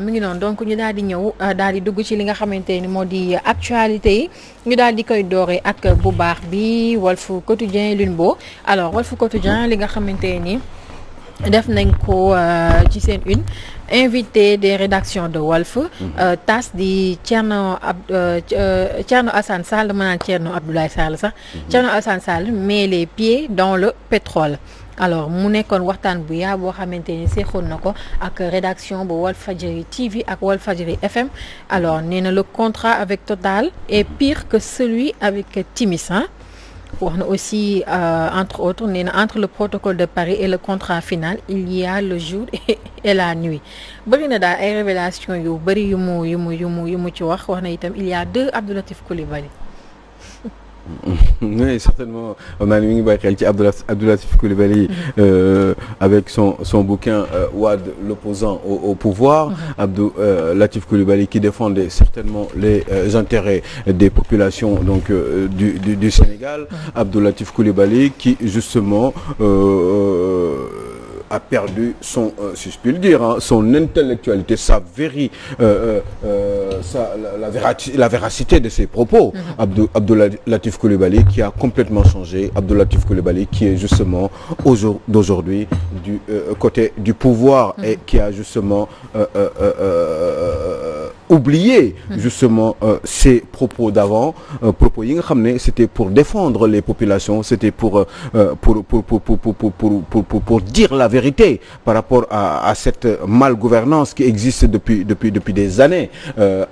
mi ngi noonu donc ñu daal di ñëw euh, daal di dugg ci li nga xamante ni moo di actualité yi ñu daal di koy dooree ak bu baax bi Walf Quotidien lune bo alors Walf Quotidien li nga xamante ni def nañ ko euh, ci seen une. invité des rédactions de Walf mhm. euh, tas di Thierno ab euh, euh, Thierno Assane Sall ma naan Thierno Abdoulaye sax mhm. Thierno Assane Sall met les pieds dans le pétrole alors mu nekkoon waxtaan bu yaa boo xamante ni seexoon na ko ak rédaction bu Walfadjri TV ak Walfadjri FM alors nee na le contrat avec Total est mhm. pire que celui avec Timis wax na aussi euh, entre autres nee na entre le protocole de Paris et le contrat final il y le jour et la nuit bëri na daal ay révélation yu bëri yu mu yu mu yu mu yu mu ci wax wax na itam il y a deux Abdou Latif Coulibaly oui certainement maa ngi bàyyi xel ci Abdou Latif Coulibaly mhm. euh, avec son son bouquin euh, Wade l'opposant au, au pouvoir mhm. Abdou euh, Latif Coulibaly qui défendait certainement les euh, intérêts des populations donc euh, du, du du Sénégal mhm. Abdou Latif Coulibaly qui justement euh, a perdu son euh, si je puis le dire hein, son intellectualité sa véri euh, euh, euh sa la, la, véracité, la véracité de ses propos. Mm -hmm. Abdou Abdou Latif Coulibaly qui a complètement changé Abdou Latif Coulibaly qui est justement au jour d'aujourd'hui du euh, côté du pouvoir mm -hmm. et qui a justement euh, oublié justement euh, ces propos d'avant euh, propos yi nga xam ne c'était pour défendre les populations c'était euh, pour pour pour pour pour pour pour dire la vérité par rapport à à cette malgouvernance qui existe depuis depuis depuis des années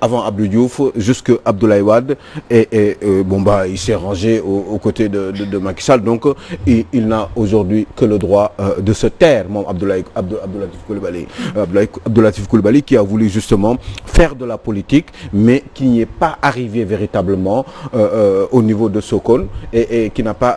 avant Abdou Diouf jusque Abdoulaye Wade et et bon bah il s'est rangé aux côtés de de Macky Sall donc il n'a aujourd'hui que le droit de se taire moom Abdoulaye Abdou Abdou Latif Coulibaly Abdoulaye Abdou Latif Coulibaly qui a voulu justement faire de la politique mais qui n'y est pas arrivé véritablement euh, euh, au niveau de Sokone et, et qui n'a pas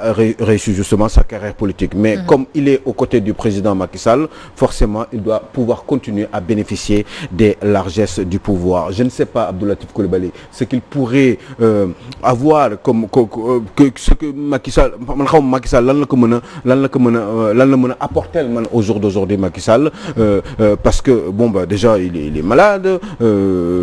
réussi justement sa carrière politique mais mmh. comme il est aux côtés du président Macky Sall forcément il doit pouvoir continuer à bénéficier des largesses du pouvoir je ne sais pas Abdou Latif Coulibaly ce qu'il pourrait euh, avoir comme euh, que ce que Macky Sall man xaw ma Macky Sall lan la ko mën a lan la ko mën a euh, lan la mën a apporter man au jour d'aujourd'hui Macky Sall euh, parce que bon bah déjà il est, il est malade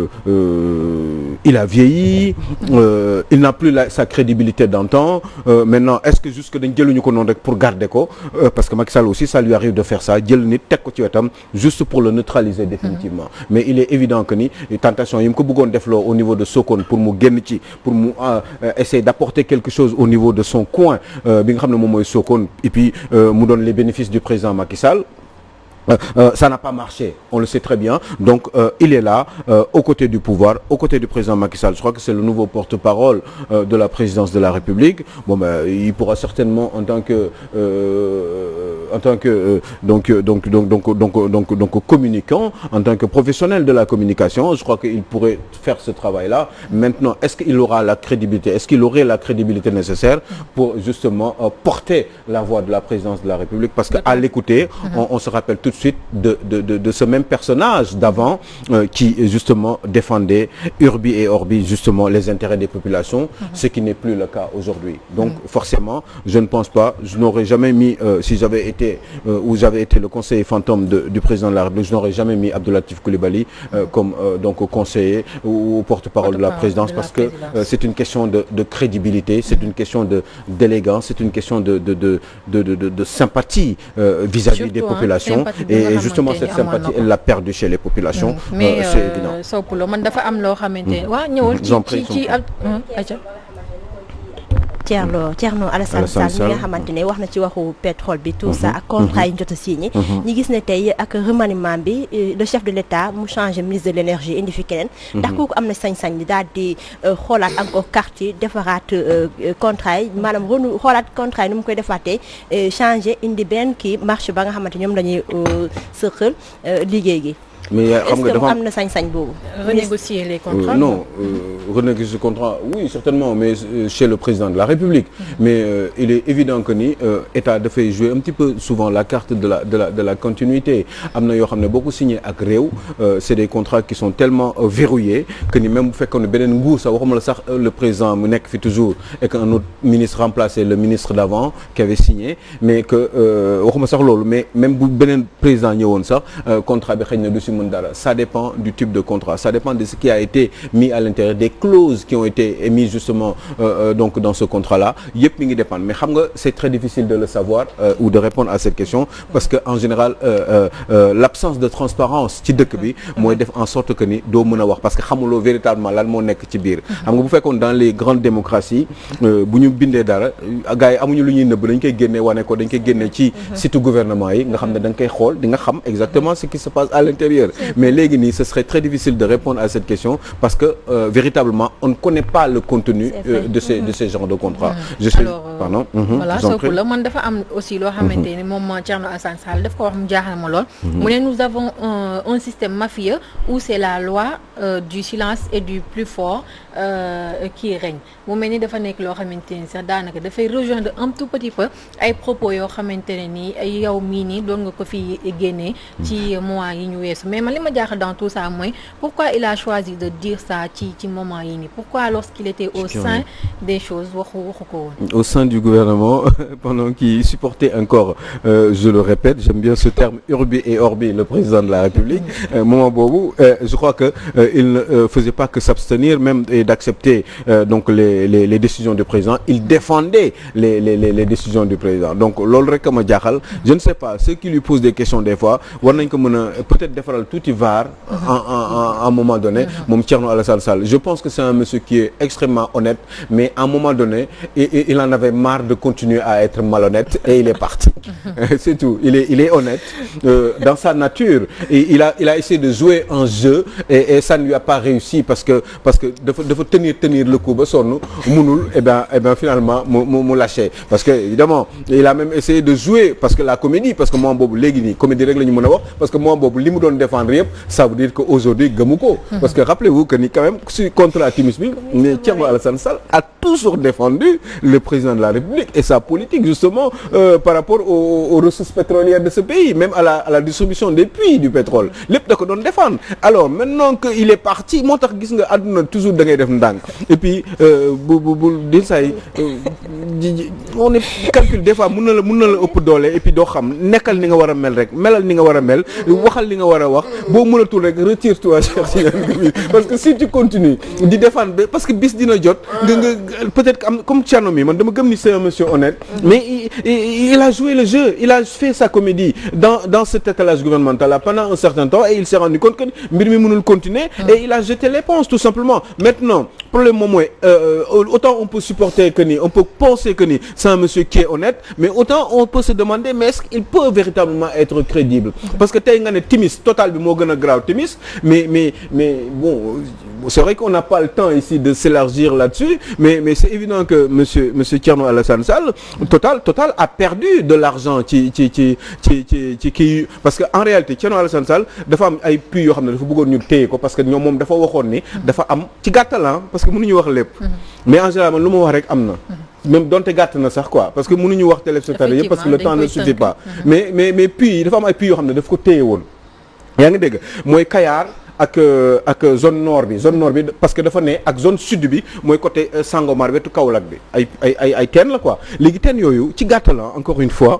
Euh, euh, il a vieilli euh, il n'a plus la sa crédibilité d'antan maintenant est-ce que jusque dañ jëluñu ko noonu rek pour garder ko parce que Macky Sall aussi ça lui arrive de faire ça jël nit teg ko ci wetam juste pour le neutraliser définitivement mmh. mais il est évident que ni tentation yi mu ko bëggoon defloo au niveau de Sokone pour mu génn ci pour mu essayer d'apporter quelque chose au niveau de son coin bi nga xam ne moom mooy Sokone et puis mu doon les bénéfices du président Macky Sall Euh, euh, ça n'a pas marché on le sait très bien donc euh, il est là aux côtés du pouvoir aux côtés du président Macky Sall je crois que c'est le nouveau porte-parole de la présidence de la République bon ben il pourra certainement en tant que en tant que donc donc donc donc donc donc communicant en tant que professionnel de la communication je crois qu'il pourrait faire ce travail-là maintenant est-ce qu'il aura la crédibilité est-ce qu'il aurait la crédibilité nécessaire pour justement porter la voix de la présidence de la République parce qu'à l'écouter mm-hmm. on, on se rappelle tout de suite de de de de ce même personnage d'avant euh, qui justement défendait urbi et orbi justement les intérêts des populations mm -hmm. ce qui n'est plus le cas aujourd'hui donc mm -hmm. forcément je ne pense n'aurais jamais mis euh, si euh, j'avais été le conseiller fantôme de, du président de la République je n'aurais jamais mis Abdoulatif Koulibaly mm comme donc conseiller ou, ou porte-parole de la présidence parce que c'est une question de de crédibilité c'est une question de d'élégance c'est une question de de de de sympathie vis-à-vis des populations et justement cette sympathie elle l'a perdue chez les populations. Mm. mais euh, euh, Sow Poulo man dafa am loo xamante mm. ne. waa ñëwal ci ci ci ak. Mm, Thierno Thierno Alassane Sall mi nga xamante ne wax na ci waxu pétrole bi tout mhm. ça ak contra yi ñu mhm. jot a mhm. ñu gis ne tey ak remaniement bi euh, le chef de l'État mu changé ministre de l'énergie indi fi keneen ndax kooku am na sañ-sañ daal di euh, xoolaat encore carte yi defaraat euh, contrat yi maanaam renu xoolaat contrat yi nu mu koy defaatee changé indi benn kii marché ba nga xamante ñoom dañuy sëqal liggéey gi mais xam nga dafa am na sañ-sañ boobu. Euh, euh, euh, oui certainement mais chez le président de la République. Mm-hmm. mais il est évident que ni état dafay jouer un petit peu souvent la carte de la de la de la continuité am na yoo xam ne boo ko signé ak réew c'est des contrats qui sont tellement verrouillés que ni même bu fekkoon ne beneen nguur sax président mu nekk fi toujours et qu'un autre ministre remplaçait le ministre d'avant qui avait signé mais que waxuma sax loolu mais même bu beneen président ñëwoon sax contrat bi xëy na du mën dara dépend du type de contrat ça dépend de ce qui a été mis à l'intérieur des clauses qui ont été émises justement euh, euh, donc dans ce contrat là yëpp mi ngi dépendre mais xam nga c'est très difficile de le savoir euh, ou de répondre à cette question parce que en général l'absence de transparence ci dëkk bi mooy def en sorte que ni doo mën a wax parce que xamuloo véritablement lan moo nekk ci biir xam nga bu fekkoon dans les grandes démocraties bu ñu bindee secteur mais léegi nii ce serait très difficile de répondre à cette question parce que euh, véritablement on ne connaît pas le contenu euh, de ces mm de mm-hmm. ces genres de contrats mm-hmm. je sais euh, pardon mm-hmm. la man dafa am aussi loo xamante ni moom Thierno Alassane Sall daf ko wax mu jaaxal ma lool mu ne nous avons un système mafieux où c'est la loi du silence et du plus fort qui règne mu mel ni dafa nekk loo xamante ni sax daanaka dafay rejoindre un tout petit peu ay propos yoo xamante ma jaaxal dans tout ça mooy pourquoi il a choisi de dire ça ci ci moment yi nii pourquoi lorsqu'il était au sein des choses waxu waxu ko au sein du gouvernement pendant qu'il supportait encore euh, je le répète j'aime bien ce terme urbi et orbi le président de la République euh, moment boobu euh, je crois que il ne faisait pas que s'abstenir même et d'accepter les décisions du président il défendait les décisions du président donc loolu rek ma je ne sais pas ceux qui lui tuuti vaar. à un moment donné. moom Thierno Alassane Sall je pense que c'est un monsieur qui est extrêmement honnête mais à un moment donné il, en avait marre de continuer à être malhonnête et il est parti. c'est tout il est honnête euh, dans sa nature il a a essayé de jouer un jeu et, ça ne lui a pas réussi parce que parce que dafa dafa tenir tenir le coup ba sonn et eh eh ben finalement mu mu parce que évidemment il a même essayé de jouer parce que la comédie parce que moom boobu léegi nii défendre yëpp ça veut dire que aujourd'hui gëmu ko parce que rappelez-vous que ni quand même si contre l'optimisme bi mais Thierno Alassane Sall a toujours défendu le président de la République et sa politique justement euh, par rapport aux, ressources pétrolières de ce pays même à la distribution des puits du pétrole lépp da ko doon défendre alors maintenant que il est parti moo tax gis nga àdduna toujours da def ndànk et puis euh, bu bu bu di euh, calcul des fois mën na la a mel a mel waxal li a wax wax boo mënatul rek retire toi Cheikh Tidiane Gomis parce que si tu continues di défendre ba parce que bis dina jot nga nga peut-être comme am comme mi man dama gëm ni c'est un monsieur honnête mais il a joué le jeu il a fait sa comédie dans dans cet étalage gouvernemental là pendant un certain temps et il s'est rendu compte que mbir mi mënul continuer et il a jeté l'éponge tout simplement maintenant problème moom mooy euh, euh, autant on peut supporter que ni on peut penser que ni c'est monsieur qui est honnête mais autant on peut se demander mais est-ce qu'il peut véritablement être crédible parce que tey nga ne timis total bi moo gën a grave timis mais mais mais bon c'est vrai qu'on n'a pas le temps ici de s'élargir là-dessus mais mais c'est évident que monsieur monsieur Thierno Alassane Sall total total a perdu de l'argent ci ci ci ci ci ci kii parce que en réalité Thierno Alassane Sall dafa am ay puits yoo xam ne dafa bëggoon ñu téye ko parce que ñoom moom dafa waxoon ni dafa am ci gàttalan parce que mënuñu wax lépp. mais en lu ma wax rek am na. même donte gàtt na sax quoi parce que mënuñu wax téléspectateur yëpp parce que le temps ne suffit pas. mais mais mais yi dafa am ay puits yoo xam ne daf ko téye woon. yaa ngi dégg mooy Kayar ak euh, ak zone nord bi zone nord bi parce que dafa ne ak zone sud bi mooy côté euh, Sangomar wetu Kaolack bi ay ay ay teen la quoi léegi teen yooyu ci gàttal encore une fois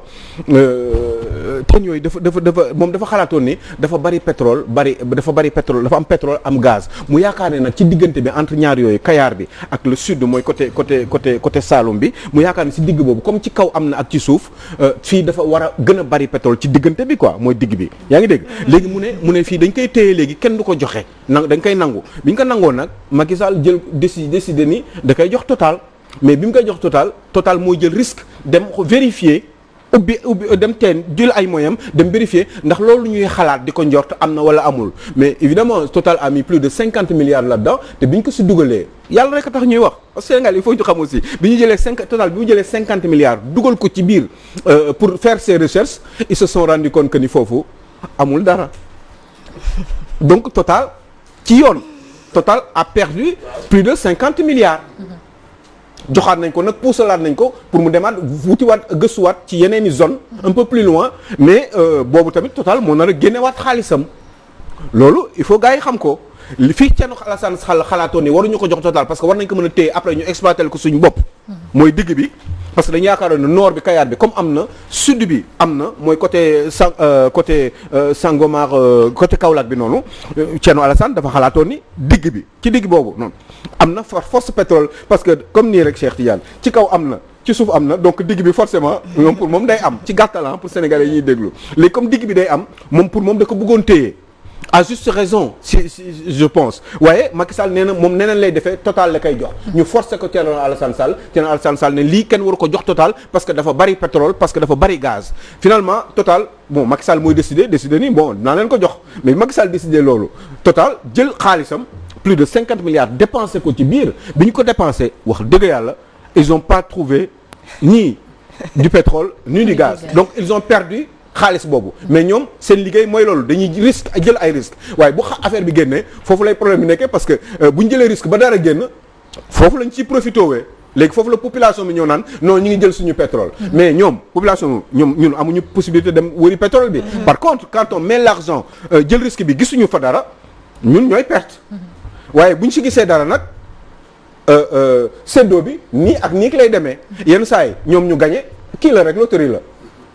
euh, teen yooyu dafa dafa dafa moom dafa xalaatoon ni dafa bari pétrole bari dafa bari pétrole dafa am pétrole am gaz mu yaakaar ne nag ci diggante bi entre ñaar yooyu Kayar bi ak le sud mooy côté côté côté côté Saloum bi mu yaakaar ne si digg boobu comme ci kaw am na ak ci suuf fii dafa war a gën a bari ci diggante bi quoi mooy digg bi yaa ngi dégg mu ne mu ne fii dañ koy téye léegi kenn ko joxe nan dañ koy nangu bi ñu ko nangoo nag Macky Sall jël décide décidé ni da koy jox total mais bi mu koy jox total total moo jël risque dem vérifier ubbi ubbi dem teen jël ay moyens dem vérifier ndax loolu ñuy xalaat di ko njort am na wala amul mais évidemment total a mis plus de cinquante milliards la dedans te bi ñu ko si dugalee yàlla rek a tax ñuy wax Sénégal il faut ñu xam aussi bi ñu jëlee cinq total bi ñu jëlee cinquante milliards dugal ko ci biir euh, pour faire ses recherches ils se sont rendu compte que foofu amul dara donc Total ci yoon Total a perdu plus de cinquante milliards. joxaat nañ ko nag puusalaat nañ ko pour mu demaat wutiwaat gëstuwaat ci yeneen i zone un peu plus loin mais euh, boobu tamit Total moo nar a génne génnewaat xaalisam loolu il faut gars yi xam ko. fii Thierno Alassane Sall xalaatoon ni waruñu ko jox total parce que war nañ ko mën a téye après ñu exploité ko suñu bopp mooy digg bi parce que dañu yaakaaroon ne nord bi Kayar bi comme am na sud bi am na mooy côté san euh, côté euh, Sangomar euh, côté Kaolack bi noonu Thierno Alassane dafa xalaatoon ni digg bi ci digg boobu noonu am na far force pétrole parce que comme nii rek Cheikh Tidiane ci kaw am na ci suuf am na donc digg bi forcément moom pour moom day am ci gàttalan ah pour sénégalais yi ñuy déglu léegi comme digg bi day am moom pour moom da ko bëggoon téye à juste raison si si je pense waaye Macky Sall nee na moom neneen lay defee total la koy jox. ñu forcé ko Thierno Alassane Sall Thierno Alassane Sall ne lii kenn waru ko jox total parce que dafa bari pétrole parce que dafa bari gaz. finalement total bon Macky Sall mooy décidé décidé ni bon dinaa leen ko jox mais Macky Sall décidé loolu total jël xaalisam plus de cinquante milliards dépensé ko ci biir bi ñu ko dépensé wax dëgg yàlla ils ont pas trouvé ni du pétrole ni du gaz donc ils ont perdu. xaalis boobu mais ñoom seen liggéey mooy loolu dañuy risque jël ay risque waaye bu affaire bi génne foofu lay problème bi nekkee parce que euh, bu ñu jëlee risque ba dara génn foofu lañ ciy profité wee léegi foofu la population bi ñëw naan non ñu ngi jël suñu pétrole mm-hmm. mais ñoom population ñoom ñun amuñu possibilité dem wëri pétrole bi mm-hmm. par contre quand on met l'argent euh, jël risque bi gisuñu fa dara ñun ñooy perte mm-hmm. waaye bu ñu si gisee dara nag euh, seddo bi nii ak nii ki lay demee yenn saa yi ñoom ñu gañe kii la rek loterie la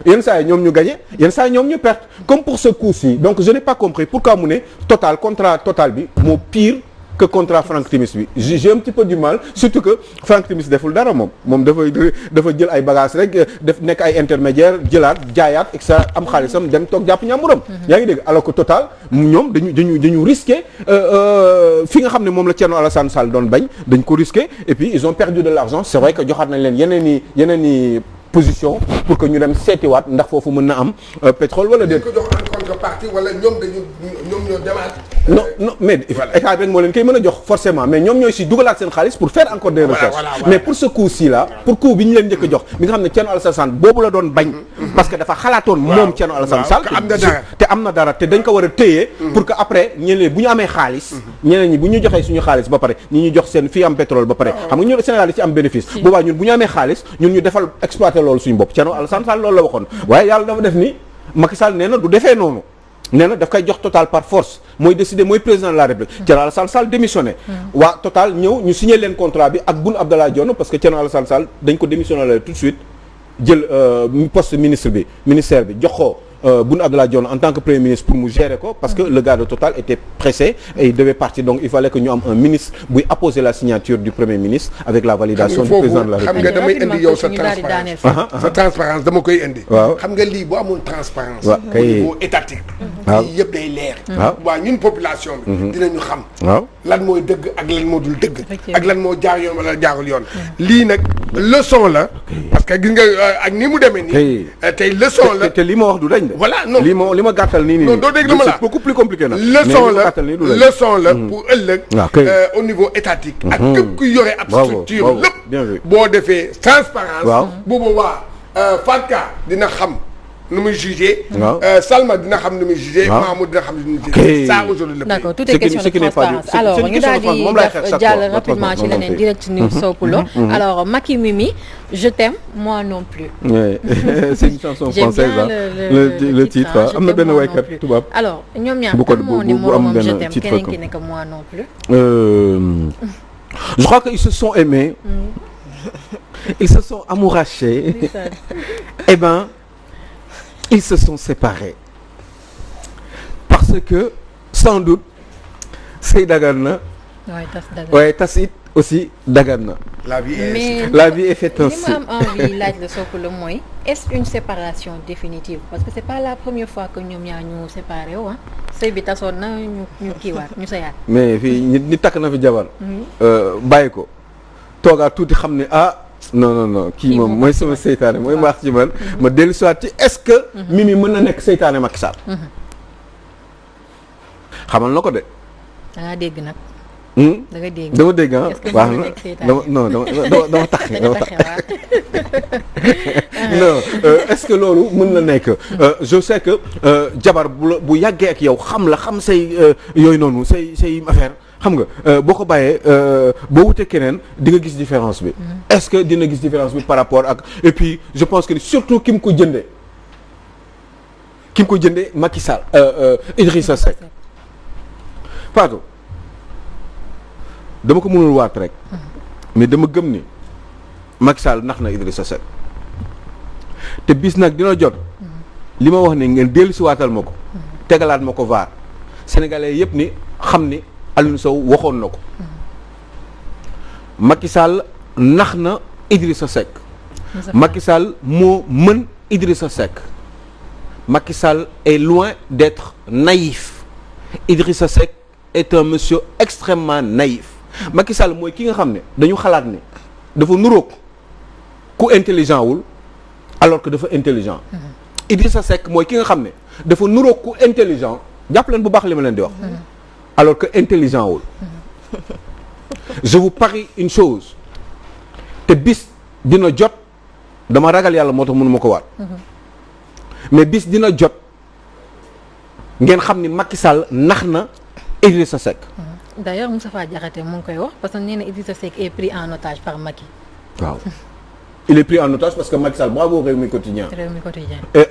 yenn saa yi ñoom ñu gagné yenn saa yi ñoom ñu perte comme pour ce coup-ci donc je n'ai pas compris pourquoi mu ne total contrat total bi moo pire que contrat Franck Timis bi j'ai un petit peu du mal surtout que Franck Timis deful dara moom moom dafa dafa jël ay bagages rek def nekk ay intermédiaire jëlaat jaayaat et ça am xaalisam dem toog jàpp ñàmburam mhm. yaa ngi dégg alors que total ñoom dañu dañu dañu risqué euh, euh, fi nga xam ne moom la Thierno Alassane Sall doon bañ dañ ko risqué et puis ils ont perdu joxaat nañ leen i yeneen i position pour que ñu dem seetiwaat ndax foofu mën na am euh, pétrole wala déet. ko jox mais état moo leen koy mën a jox forcément mais ñoom ñooy si dugalaat seen xaalis pour faire encore des recherches mais pour ce coup ci là pour coup bi ñu leen njëkk jox bi nga xam ne Thierno Alassane Sall boobu la doon bañ mm-hmm. parce que dafa xalaatoon moom Thierno Alassane te am na dara te dañ ko war a téye mm-hmm. pour que après ñeneen bu ñu amee xaalis mm-hmm. ñeneen ñi bu ñu joxee suñu xaalis ba pare loolu suñu bopp Thierno Alassane Sall loolu la waxoon waaye yàlla dafa def ni Macky Sall du defee noonu nee daf koy jox Total par force mooy décider mooy président de la République Thierno Alassane Sall démissionné hmm. waa Total ñëw ñu signé leen contrat bi ak Boun Abdallah Dionne parce que Thierno Alassane Sall dañ ko démissionné la tout de suite jël euh, poste ministre bi ministère bi jox Euh, Boun Abdallah Dionne en tant que premier ministre pour mu gérer ko parce que le gars Total était pressé il devait partir donc il fallait que ñu am un ministre buy apposer la signature du premier ministre avec la validation du président de la République xam nga damay indi yow sa transparence sa transparence dama koy indi waaw xam nga lii boo amoon transparence au niveau étatique lii yëpp day leer waaw waaw mhm. yoon wala mhm. nag leçon la voilà non li ma li ma gàttal nii nii. doo dégg ma la c'est beaucoup plus compliqué nag. leçon la leçon la mm. pour ëllëg. Ah, euh, au niveau étatique. ak mm-hmm. képp ku yore ab structure lépp. boo defee transparence bu boobaa euh, Fatka dina xam. nu muy jugé. Euh, Salma dina xam nu muy jugé. waaw Mahmoud dina xam nu muy jugé. ça aujourd'hui le d'accord tout est question de transparence alors ñu daal di jàll rapidement ci leneen direct news mhm. Sopoulo mhm. mhm. alors Maki Mimi je t'aime moi non plus. c'est une chanson française le titre am na benn waykat tubaab. alors ñoom am euh, je crois que se sont aimés. Mm. ils se sont amourachés. eh ben. ils se sont séparés parce que sans doute sëy dagan na waaye tas aussi dagan na la vie est la vie est faite ainsi li ma am envie laaj la so ko la mooy est-ce une séparation définitive parce que c'est pas la première fois que m ñaa ñu séparé wu ah sëy bi tasoon na ñu ñu kiiwaat ñu sëyaat mais fii nit ñi takk na fi jabar mhm. euh, bàyyi ko toogaat non non non kii moom mooy sama seytaane mooy waax ah. ci man ma dellu siwaat ci est-ce que mhm. Mimi mën na nekk seytaane Macky Sall mhm. xamal na ko de hmm? dama dégg ah dama dama tax dama tax euh, loolu mën na nekk euh, je sais que euh, jabar bu yàggee ak yow xam la xam say yooyu noonu say say affaire xam nga euh, boo ko bàyyee euh, boo wutee keneen di nga gis différence bi. Mm-hmm. est-ce que dina gis différence bi par rapport ak et puis je pense que surtout ki mu ko jëndee ki mu ko jëndee Macky Sall. Euh, Idrissa Seck pardon dama ko mënul waat rek. Mm-hmm. mais dama gëm ni Macky Sall nax na Idrissa Seck te bis nag dina jot. Mm-hmm. li ma wax ne ngeen dellu si waatal ma ko. tegalaat ma ko vaar sénégalais yëpp ni xam ni. Alioune saw waxoon na ko Macky Sall nax na Idrissa Seck Macky Sall moo mën Idrissa Seck Macky Sall est loin d'être naïf Idrissa Seck est un monsieur extrêmement naïf Macky Sall mooy ki nga xam ne dañu xalaat ni dafa nuroog ku intelligent wul alors que dafa intelligent mhm. Idrissa Seck mooy ki nga xam ne dafa nuroog ku intelligent jàpp leen bu baax li ma leen di wax mhm. alors que intelligent wul je vous parie une chose te bis dina jot dama ragal yàlla moo tax mënu ma ko waat mhm. mais bis dina jot ngeen xam ni Macky Sall nax na sa Seck. Mhm. d'ailleurs Moustapha Diakhaté mu ngi koy wax parce que nee na Idrissa Seck est pris en otage par que Macky Sall bravo Rewmi Quotidien. Euh,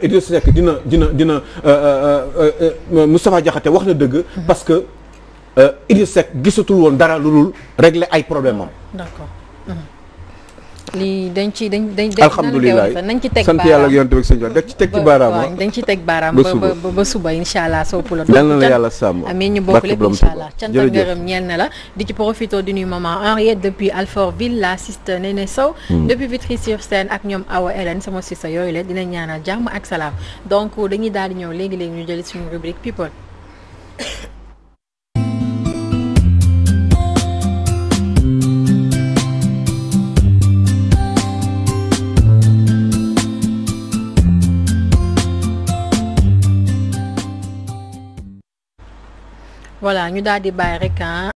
dina dina dina euh, euh, Moustapha wax na dëgg mhm. Euh, Idrissa Seck gisatul woon dara lu dul régler ay problème am. d'accord. Mhm. lii dañ ci dañ dañ dañ. alhamdulilah nañ ci teg baaraam sant yàlla ak yonent bi dañ ci teg ci baaraam ah. dañ ci teg baaraam ba ba ba suba incha allah soo pula. yal na la yàlla sàmm amiin ñu bokk lépp incha allah cant ak ngërëm ñeel na la. di ci profité di nuyu maman Henriette depuis Alfortville la siste Néné Sow. Hmm. depuis vitry sur ak ñoom Awa Hélène sama sista yooyu la dina ñaanal jàmm ak salaam donc dañuy daal di ñëw léegi léegi ñu jëli suñu rubrique people. voilà ñu daal di bàyyi rek ah.